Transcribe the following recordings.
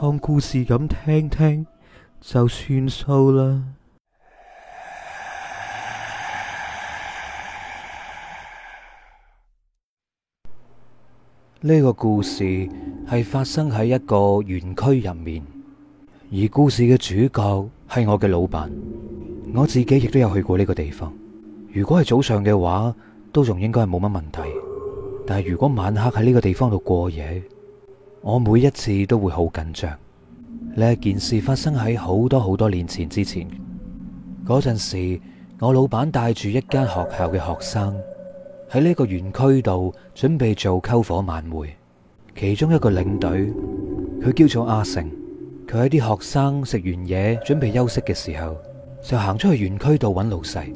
當故事咁聽聽就算數啦。呢個故事係發生喺一個園區入面，而故事嘅主角係我嘅老闆。我自己亦都有去過呢個地方。如果係早上嘅話，都仲應該係冇乜問題。但係如果晚黑喺呢個地方度過夜，我每一次都會好緊張。呢件事發生喺好多好多年前之前。嗰陣時，我老闆帶住一間學校嘅學生喺呢個園區度準備做篝火晚會。其中一個領隊，佢叫做阿成。佢喺啲學生食完嘢，準備休息嘅時候，就行出去園區度揾老細。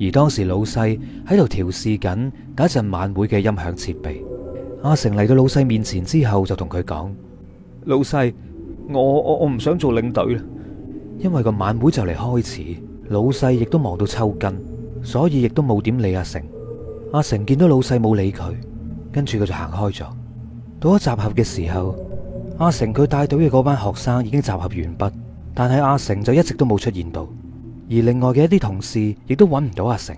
而當時老細喺度調試緊嗰陣晚會嘅音響設備。阿成嚟到老細面前之後就，就同佢講：老細，我我我唔想做領隊啦，因為個晚會就嚟開始，老細亦都忙到抽筋，所以亦都冇點理阿成。阿成見到老細冇理佢，跟住佢就行開咗。到咗集合嘅時候，阿成佢帶隊嘅嗰班學生已經集合完畢，但係阿成就一直都冇出現到，而另外嘅一啲同事亦都揾唔到阿成，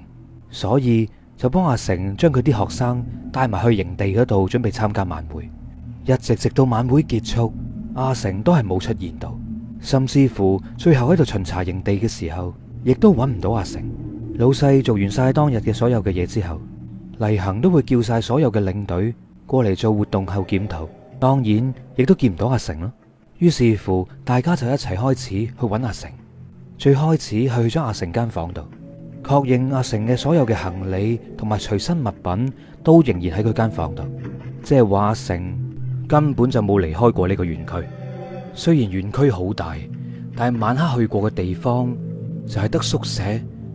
所以。就幫阿成將佢啲學生帶埋去營地嗰度，準備參加晚會。一直直到晚會結束，阿成都係冇出現到，甚至乎最後喺度巡查營地嘅時候，亦都揾唔到阿成。老細做完晒當日嘅所有嘅嘢之後，例行都會叫晒所有嘅領隊過嚟做活動後檢討，當然亦都見唔到阿成啦。於是乎，大家就一齊開始去揾阿成，最開始去咗阿成間房度。確認阿成嘅所有嘅行李同埋隨身物品都仍然喺佢間房度，即係話阿成根本就冇離開過呢個園區。雖然園區好大，但係晚黑去過嘅地方就係得宿舍、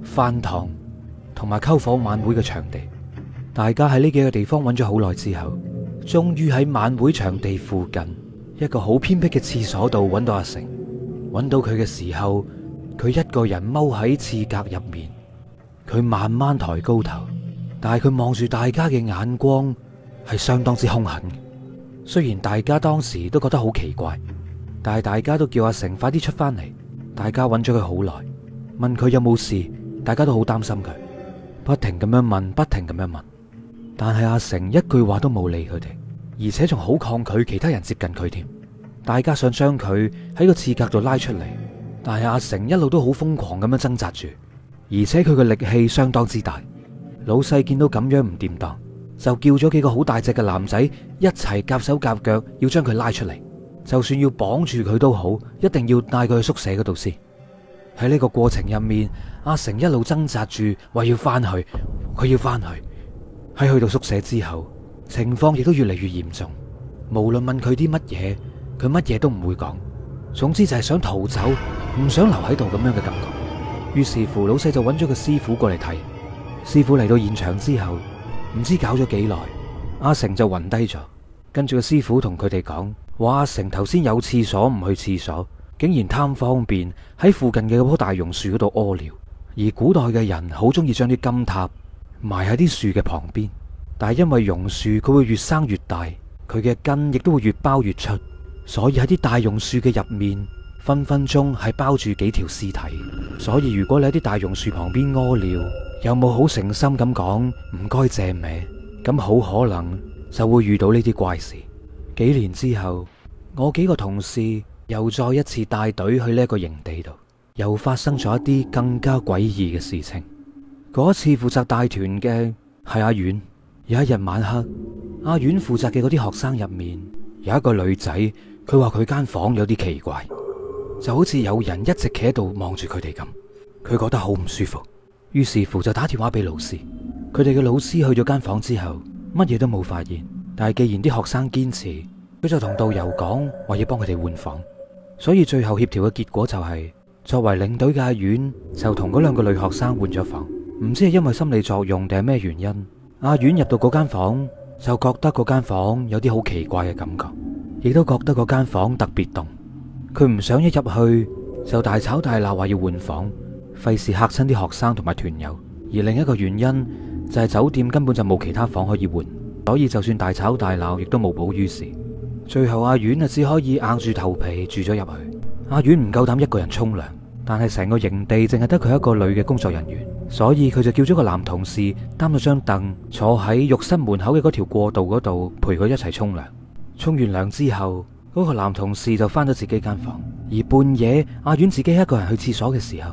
飯堂同埋篝火晚會嘅場地。大家喺呢幾個地方揾咗好耐之後，終於喺晚會場地附近一個好偏僻嘅廁所度揾到阿成。揾到佢嘅時候，佢一個人踎喺廁格入面。佢慢慢抬高頭，但係佢望住大家嘅眼光係相當之兇狠。雖然大家當時都覺得好奇怪，但係大家都叫阿成快啲出翻嚟。大家揾咗佢好耐，問佢有冇事，大家都好擔心佢，不停咁樣問，不停咁樣問。但係阿成一句話都冇理佢哋，而且仲好抗拒其他人接近佢添。大家想將佢喺個刺格度拉出嚟，但係阿成一路都好瘋狂咁樣掙扎住。而且佢嘅力氣相當之大，老細見到咁樣唔掂當，就叫咗幾個好大隻嘅男仔一齊夾手夾腳要將佢拉出嚟，就算要綁住佢都好，一定要帶佢去宿舍嗰度先。喺呢個過程入面，阿成一路掙扎住，話要翻去，佢要翻去。喺去到宿舍之後，情況亦都越嚟越嚴重，無論問佢啲乜嘢，佢乜嘢都唔會講。總之就係想逃走，唔想留喺度咁樣嘅感覺。於是乎，老細就搵咗個師傅過嚟睇。師傅嚟到現場之後，唔知搞咗幾耐，阿成就暈低咗。跟住個師傅同佢哋講，話阿成頭先有廁所唔去廁所，竟然貪方便喺附近嘅嗰棵大榕樹嗰度屙尿。而古代嘅人好中意將啲金塔埋喺啲樹嘅旁邊，但係因為榕樹佢會越生越大，佢嘅根亦都會越包越出，所以喺啲大榕樹嘅入面。分分鐘係包住幾條屍體，所以如果你喺啲大榕樹旁邊屙尿，又冇好誠心咁講唔該借歪，咁好可能就會遇到呢啲怪事。幾年之後，我幾個同事又再一次帶隊去呢個營地度，又發生咗一啲更加詭異嘅事情。嗰次負責帶團嘅係阿遠，有一日晚黑，阿遠負責嘅嗰啲學生入面有一個女仔，佢話佢間房有啲奇怪。就好似有人一直企喺度望住佢哋咁，佢覺得好唔舒服，於是乎就打電話俾老師。佢哋嘅老師去咗間房之後，乜嘢都冇發現。但係既然啲學生堅持，佢就同導遊講話要幫佢哋換房。所以最後協調嘅結果就係，作為領隊嘅阿苑，就同嗰兩個女學生換咗房。唔知係因為心理作用定係咩原因，阿苑入到嗰間房就覺得嗰間房有啲好奇怪嘅感覺，亦都覺得嗰間房特別凍。佢唔想一入去就大吵大鬧，話要換房，費事嚇親啲學生同埋團友。而另一個原因就係酒店根本就冇其他房可以換，所以就算大吵大鬧，亦都無補於事。最後阿婉啊，只可以硬住頭皮住咗入去。阿婉唔夠膽一個人沖涼，但係成個營地淨係得佢一個女嘅工作人員，所以佢就叫咗個男同事擔咗張凳坐喺浴室門口嘅嗰條過道嗰度，陪佢一齊沖涼。沖完涼之後。嗰個男同事就翻咗自己間房，而半夜阿婉自己一個人去廁所嘅時候，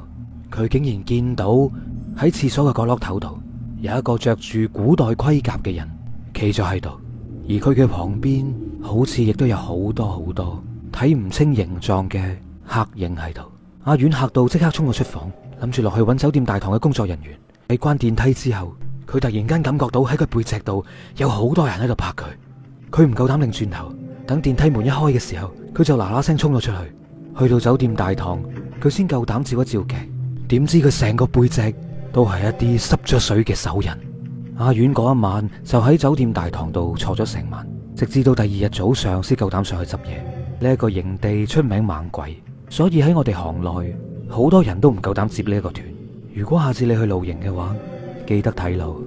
佢竟然見到喺廁所嘅角落頭度有一個着住古代盔甲嘅人企咗喺度，而佢嘅旁邊好似亦都有好多好多睇唔清形狀嘅黑影喺度。阿婉吓到即刻衝咗出房，諗住落去揾酒店大堂嘅工作人員。喺關電梯之後，佢突然間感覺到喺佢背脊度有好多人喺度拍佢，佢唔夠膽擰轉頭。等電梯門一開嘅時候，佢就嗱嗱聲衝咗出去，去到酒店大堂，佢先夠膽照一照鏡，點知佢成個背脊都係一啲濕咗水嘅手印。阿遠嗰一晚就喺酒店大堂度坐咗成晚，直至到第二日早上先夠膽上去執嘢。呢一個營地出名猛鬼，所以喺我哋行內好多人都唔夠膽接呢一個團。如果下次你去露營嘅話，記得睇路。